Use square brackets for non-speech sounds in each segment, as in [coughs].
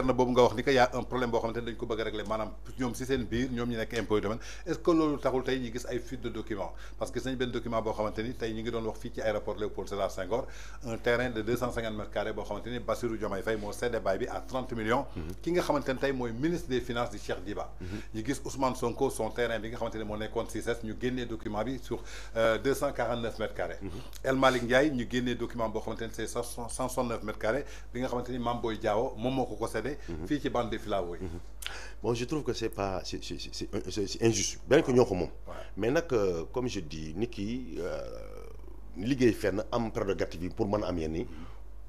interne boobu nga wax ni que y a un problème bo xamanteni dañ ko bëgg régler manam ñom ci seen biir ñom ñi nek impôt yu domaine est ce que loolu taxul tay ñu gis ay fuite de documents parce que gis ben document bo xamanteni tay tey ñu ngi doon wax fi ci aéroport Léopold Sédar Senghor un terrain de 250 cent cinquante mètres carrés boo xamante Bassirou Diomaye Faye mo cédé bay bi à 30 millions mhm. ki nga xamanteni tay moy ministre des finances di Cheikh Diba mhm. ñu gis Ousmane Sonko son terrain bi nga xamanteni mo moo nekkoon CICES ñu génné document bi sur 249 euh, cent quarante mètres carrés mhm. El Malick Ndiaye ñu génné document bo xamanteni c'est 169 soixante neuf mètres carrés bi nga xamanteni Mamboy Mame Boye Diao moom moo ko ko année mhm. ci bande filao mhm. bon je trouve que c'est pas c'est c'est injuste ben ko ñoko mom mais nak euh, comme je dis niki ki euh, liguey fenn am prérogative pour mën am yenn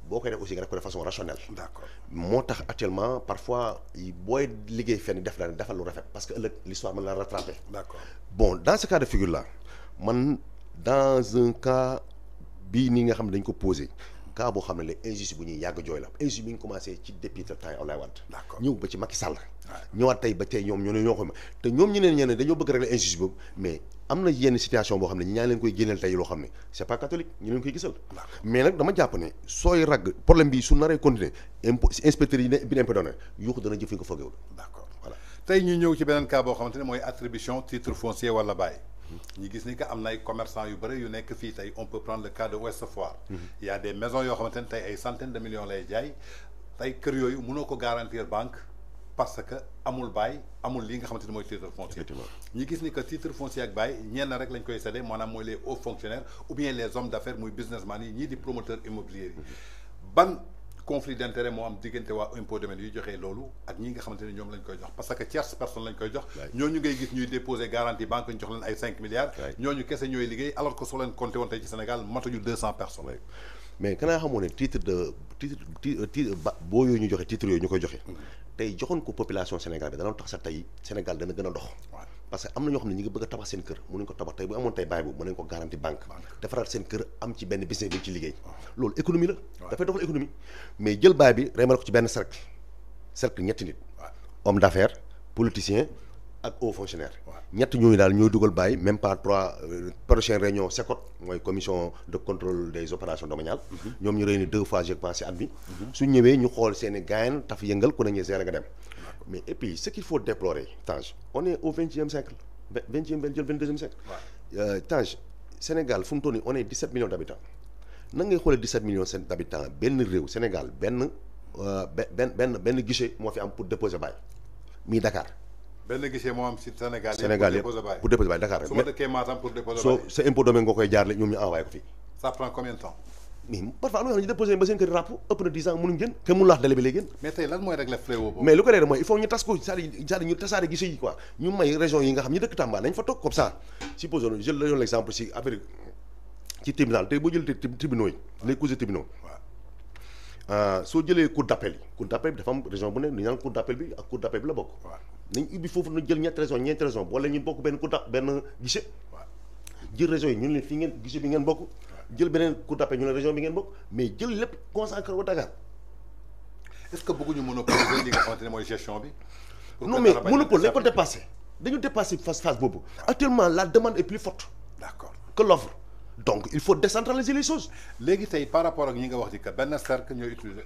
bokay def aussi nga de façon rationnelle d'accord motax actuellement parfois boy liguey fenn def la ne defal lu rafet parce que l'histoire mën la rattraper d'accord bon dans ce cas de figure là man dans un cas bi ni nga xam dañ ko poser cas boo xam ne la injustice bu ñuy yàgg jooy la injustice bi ñu commencé ci depuis le temps Abdoulaye Wade ñëw ba ci Macky Sall ñëwaat tey ñoom ñoo ne ñoo ko te ñoom ñu neen ñee ne dañoo bëgg régler injustice boobu mais am na yenn situation boo xam ne ñi ñaa leen koy génneel tey loo xam ne c'est pas catholique ñu leen koy gisal mais nag dama jàpp ne sooy ragg problème bi su naree continuer impo inspecteurs yi ne bi ne impé yuuxu dana jëf nga foogewul tey ñu ñëw ci beneen boo xamante ne mooy attribution titre wala bàyyi ñu gis ni que am na ay commerçants yu bëri yu on peut prendre le cas de Ouest Foire. y a des maisons yoo xamante ne ay centaines de millions lay jaay tey kër yooyu mënoo garantir banque parce que amul bail amul lii nga xamante ni titre foncier. ñu gis ni que titre foncier ak bail ñenn rek lañ koy séddee maanaam mooy les hauts fonctionnaires ou bien les hommes d'affaires muy businessman ni ñii di promoteurs immobiliers mhm. ban conflit d'intérêt mo am diggante wa impôt domaine yu joxé lolu ak ñi nga xamanté ne ñoom lañ koy jox parce que tierce personne lañ koy jox ñoñu ngay gis ñuy déposer garantie banque ñu jox leen ay 5 milliards ñoñu kessé ñooy liggéey alors que so leen compté won tay ci Sénégal matu ju 200 personnes mais kena xamone titre de titre titre euh, euh, boo yooyu ñu joxé titre yooyu ñu koy joxe mm-hmm. tey joxoon ko population Sénégal bi danoon tax sa tay Sénégal dana gën dox parce que am na ñoo xam ne ñu ngi bëgg a tabax seen kër mënuñ ko tabax tey bu amoon tey baay boobu mën nañ ko garanti banque defaraat seen kër am ci benn business bi ci liggéey ah. loolu économie la dafay doxal économie mais jël baay bi remal ko ci benn cercle cercle ñetti nit homme d'affaires politicien ak haut fonctionnaire ñett ñooñu daal ñooy dugal baay même par trois euh, prochaine réunion SECOT mooy commission de contrôle des opérations domaniales mhm. ñoom ñu réuni deux fois je pense si at bi mhm. ñu xool seen i gaayan taf yëngal ku Mais et puis, ce qu'il faut déplorer, Tange, on est au 20e siècle, 20e, 20e 22e siècle. Ouais. Euh, Sénégal, Funtoni, on est 17 millions d'habitants. Nous avons 17 millions d'habitants, ben Rio, Sénégal, ben, euh, ben, ben, ben, guichet, moi, pour déposer bail. Mais Dakar. ben guichet moo am si Sénégal bail. pour déposer bail Dakar. su ma dëkkee pour déposer bail. impôt domaine ñu ko ça prend combien de temps. mais parfois am na ñoo xam ne ñu déposé ba seen kër ràpp ëpp na 10 ans mënuñ génn kenn mënu la wax bi lay génn mais tey lan mooy régler fléau boobu mais lu ko réer mooy il faut ñu tas ko c'est-à-dire ñu yi quoi ñu may région yi nga xam jël ñetti région ñeenti région wala ñu bokk benn cour jël région yi ñun leen fii ngeen guichet bi ngeen bokk jël benen ku tapé ñu région bi ngeen ne mais jël lépp à ko Dakar. est-ce que beaucoup de li nga xamante ne gestion bi. non mais monopole dañ ko dépassé dañu dépasser phase phase bobu actuellement la demande est plus forte. d'accord que l'offre donc il faut décentraliser les choses. légui tay par rapport ak ñi nga wax di que ben cercle ñooy utiliser.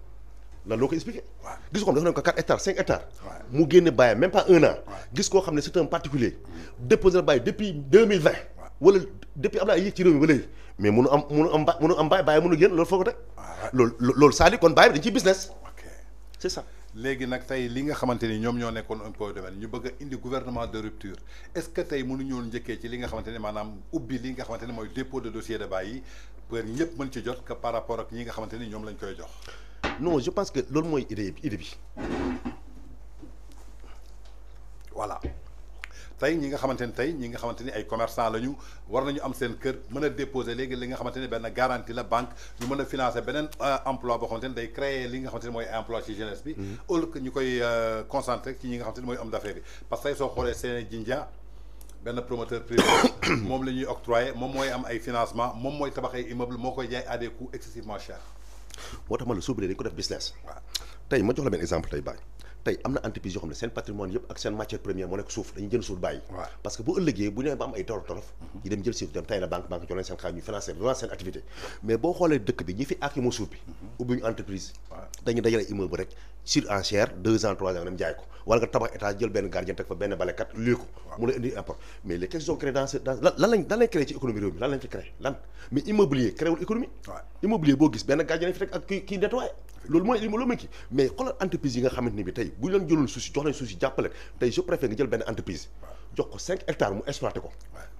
la loo expliquer expliqué gis ko xam ko 4 hectares 5 hectares mu génne baye même pas un an gis ko xam c'est un particulier déposé na bàyyi depuis 2020 wala depuis Abdoulaye yéeg ci rew mi ba mais mënu am mënu am ba mënu am bàyyi bàyyi mënu génn loolu foo ko teg loolu loolu kon baye dañ ci business c'est ça légui nak tay li nga xamante ñom ñoom ñoo nekkoon impôt et domaine ñu bëgg indi gouvernement de rupture est-ce que tay tey mënuñoo njëkkee ci li nga xamante manam maanaam ubbi li nga xamante moy dépôt de dossier de baye yi pour ñëpp mën ci jot que par rapport ak ñi nga xamante ñom lañ koy jox non je pense que loolu mooy idée idée bi voilà tay ñi nga xamanteni tay ñi nga xamanteni ni ay commerçant lañu war nañu am seen kër mën a déposer léegi li nga xamanteni ne benn garantie la banque ñu mën a financer beneen euh, emploi boo xamante ne day créer li nga xamante ne mooy emploi ci jeunesse bi mm-hmm. au lieu que ñu koy euh, concentrer ci ñi nga xamante ne mooy homme d'affaires parce que tey soo xoolee seen Ben benn promoteur privé [coughs] moom la ñuy octroyer moom mooy am ay financement moom mooy tabax ay immeuble moo koy jaay à des coûts excessivement chers moo tax ma la soubre dañ ko def business waaw tey ma jox la benn exemple tey bàyyi tey am na entreprise yoo xam ne seen patrimoine yëpp ak seen matière première moo nekk suuf dañuy jël suuf bàyyi parce que bu ëllëgee bu ñëwee am ay torof torof ñu mhm. dem jël suuf dem tay la banque banque jox leen seen xaalis ñu financé bi ñi fi aak yi moo suuf bi mhm. ubbi deux ans trois ans dem jaay ko wala nga tabax étage jël benn gardien teg fa benn balekat luy ko mu lay indi apport mais les questions créées dans dans lan lañ lan ci économie loolu mooy li ma la mën ki mais xoolal entreprise yi nga xamante ni bi tey bu ñu leen jëloon suuf si jox nañ suuf si jàppale tey je préfère nga jël benn entreprise jox ko 5 hectares mu exploité ko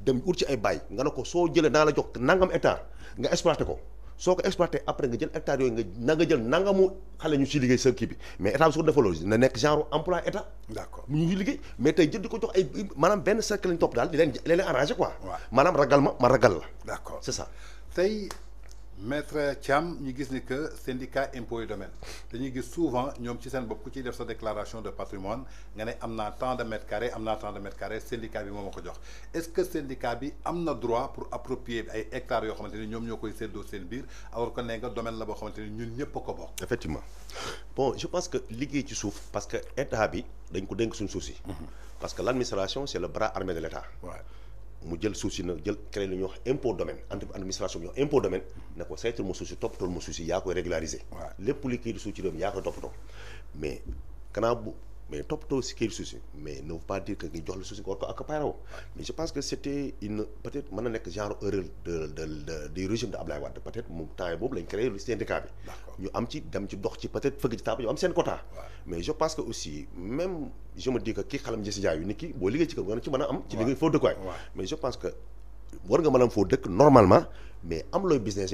dem nga soo jëlee naa la jox nangam hectare nga exploité ko soo ko exploité après nga jël hectares yooyu nga na jël nangamu xale ñu si liggéey sa kii bi mais état bi su ko defaloo na nekk genre emploi état d'accord ñu ngi liggéey mais tey jël di ko jox ay maanaam benn cercle lañ topp daal di leen leen arrangé quoi maanaam ragal ma ma ragal la d'accord c'est ça tey maître Tcham, nous gis que que syndicat impôts et domaine. Nous gis souvent que ci beaucoup de ku sa déclaration de patrimoine nous avons tant de mètres carrés nous avons tant de mètres carrés syndicat bi moo est-ce que le syndicat a le droit pour approprier ay hectares yoo xamante ni ñoom ñoo koy séddoo alors que nee nga domaine la boo xamante ñun ñëpp effectivement bon je pense que ce qui souffre, parce que état bi dañ ko mhm. parce que l'administration c'est le bras armé de l'état mu jël suuf si nag jël créé lu ñuy wax impôt domaine entre administration bi ñu impôt domaine na ko saytul mu suuf si toppatool mu suuf si yaa koy régulariser. waaw lépp li kii di suuf ci réew mi yaa koy toppatoo mais kanaa bu. mais toppatoo si këyit suuf si mais ne veut pas dire que ngi jox la suuf si nga war ko accaparer woo mais je pense que c' était peut être mën na nekk genre erreur de de de du régime de Abdoulaye Wade peut être moom temps boobu lañ créé lu syndicat bi. ñu am ci dem ci dox ci peut être fëgg ci taab ñu am seen quota. mais je pense que aussi même je me xalam njësi jaay yu nit ki boo liggéey ci kër nga a am. ci liggéey foo mais nga mën am foo dëkk normalement mais am looy business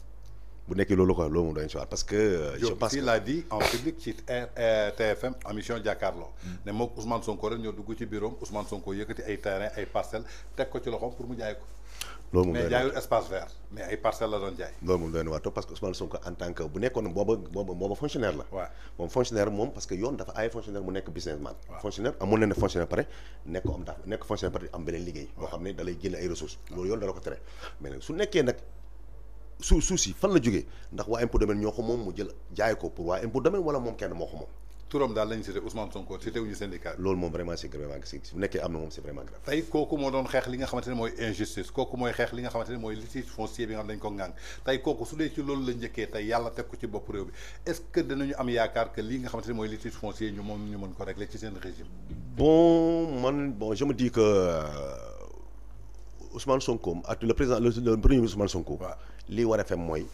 bu nekkee loolu ko loolu moom doy waar parce que. Euh, je pense Il l'a dit en public ci euh, TFM émission Jakaarlo. Mais mm. moom Ousmane Sonko ren ñoo dugg ci bureau Ousmane Sonko yëkkati ay terrains, ay parcelles teg ko ci loxoom pour mu jaay ko. loolu moom mais jaayul espace vert mais ay parcelles la doon jaay. loolu moom doy na parce que Ousmane Sonko en tant que bu nekkoon booba booba booba fonctionnaire la. waaw fonctionnaire moom parce que yoon dafa ay fonctionnaire mu nekk businessman. fonctionnaire amoon na ne fonctionnaire pare nekk am dafa nekk fonctionnaire pare am beneen liggéey. boo xam ne da lay génne ay ressources. loolu yoon dala ko tere mais nag su nekkee nag su suuf fan la jógee ndax waa impôt ñoo ko moom mu jël jaay ko pour waa impôt domaine moom kenn moo ko moom. turam daal lañu cité Ousmane Sonko cité wuñu syndicat loolu moom vraiment c'est gravement bu nekkee am na moom c'est vraiment grave ci loolu ci bopp réew bi est-ce que am yaakaar que lii nga xamante ne mooy litige foncier ñu moom ñu mën ko régler ci seen régime bon man bon Ousmane Sonko ak le président le premier Ousmane Sonko. li war a moy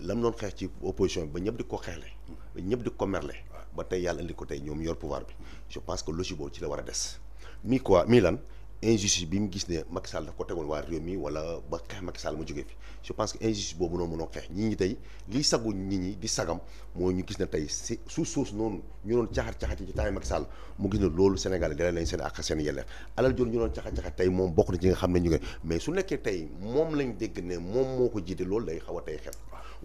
lam doon xex ci opposition bi ba ñëpp di ko xeexle. ba ñëpp di ko merlé ba tay yalla indi ko tey ñoom yor pouvoir bi. je pense que logique boobu ci la wara dess mi quoi mi lan. injustice bi mu gis ne Macky Sall daf ko tegoon waa réew mi wala ba xeex Macky Sall mu jógee fi je pense que injustice boobu noonu mënoo xeex ñii ñi tey liy sagu nit ñi di sagam mooy ñu gis ne tey si suuf suuf noonu ñu doon caxat caxat yi ci temps mu gis ne loolu Sénégal dala nañ seen ak seen yelleef alal jooju ñu doon caxat caxat tey moom bokk na ci nga xam ne ñu ngi mais su nekkee tey moom lañ dégg ne moom moo ko jiite loolu lay xaw a tey xel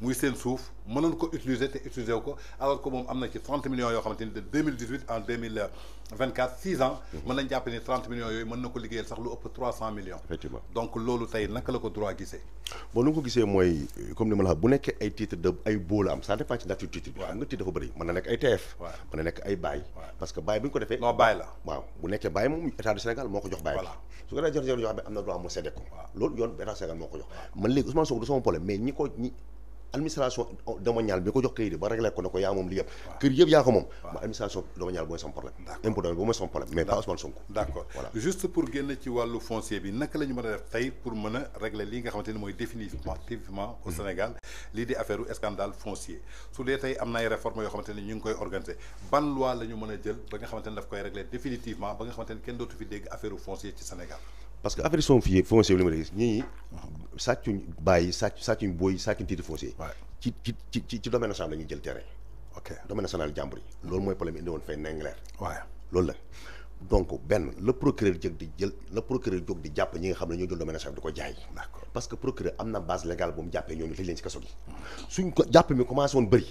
muy seen suuf mënoon ko utiliser te utiliser ko alors que moom am na ci 30 millions yoo xamante ni de 2018 en 2024 6 vingt quatre six ans. Mhm. mën nañ jàpp ni 30 millions yooyu mën na ko liggéeyal sax lu ëpp 300 millions. effectivement donc loolu tey naka la ko droit gisee. bon lu ko gisee mooy comme ni ma la bu nekkee ay titre de ay boo la am ça dépend ci nature titre bi. xam nga titre dafa bëri mën na nekk ay TF. waaw mën na nekk ay bail. parce que bail bu ñu ko defee. non bail la waaw bu nekkee bail moom état du Sénégal moo ko jox bail. voilà su ko defee jor-jor yoo xam ne am na droit mu séddee ko. waaw loolu yoon état Sénégal moo ko jox. man léegi Ousmane Sow du sama problème mais ñi ko ñi administration domaniale bi ko jox kayit ba régler ko nako ya mom li yëpp keur yeb ya ko mom ma administration domaniale mooy sama problème impôt domaine boobu mooy sama problème mais pas Ousmane Sonko d'accord voilà juste pour guen ci walu foncier bi nak lañu mëna def tay pour mëna régler li nga xamanteni moy définitivement au mm-hmm. Sénégal li di affaire u scandale foncier su dé tay am na ay réformes yoo xamante ñu ngi koy organiser ban loi lañu mëna jël ba nga xamanteni daf koy régler définitivement ba nga xamanteni ni kenn dootu fi dégg affaire u foncier ci Sénégal parce que affaire yi foncier bi li ma gis ñi sàccuñ bàyyi sàcc sàccuñ boy sàccuñ titre foncier. ci ci ci ci domaine national la jël terrain. ok domaine national jàmbur yi. loolu mooy problème indi woon fay Ndingler. waaw lool la donc ben le procureur jóg di jël le procureur jóg di japp ñi nga xam ne ñoo jël domaine national di jaay. d'accord parce que procureur amna base légale bu mu jappé ñoo tëj leen ci kasso gi. suñ ko jàpp mi commencé won bari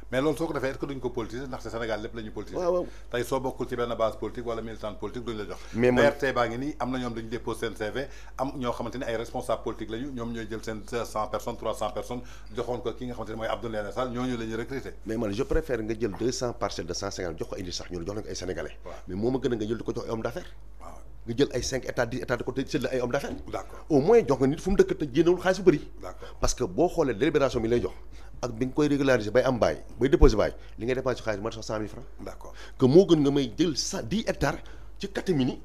mais loolu soo ko defee est-ce que duñ ko politiser ndaxte Sénégal lépp la ñuy politiser. waaw waaw tey soo bokkul ci benn base politique wala militante politique duñ la jox. mais man DRT baa ngi nii am na ñoom dañu déposé seen CV am ñoo xamante ni ay responsable politique lañu ñoom ñooy jël seen 100 personnes 300 personnes joxoon ko ki nga xamante ni mooy Abdou Ndéné Sall ñooñu la ñuy recruter. mais man je préfère nga jël 200 parcelles de 150 jox ko indi sax ñu jox leen ay sénégalais. mais moo ma gën a nga jël di ko jox ay homme d'affaires. waaw nga jël ay 5 états 10 états de côté séddale ay homme d'affaires. d'accord au moins jox nga nit fu mu dëkk te génnewul xaalis bu bëri. d'accord parce que boo xoolee délibération mi lay jox ak bi nga koy régulariser bay am bay bay déposer bay li ngay dépenser ci xaalis mat sax francs d'accord que mo gën nga may jël 10 dix hectares ci catimini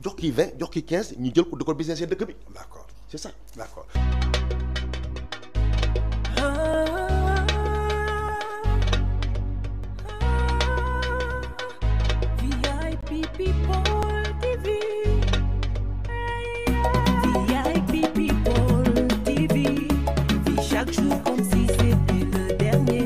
jox ki 20 jox ki 15 ñu jël ko business dëkk bi d'accord c'est ça d'accord people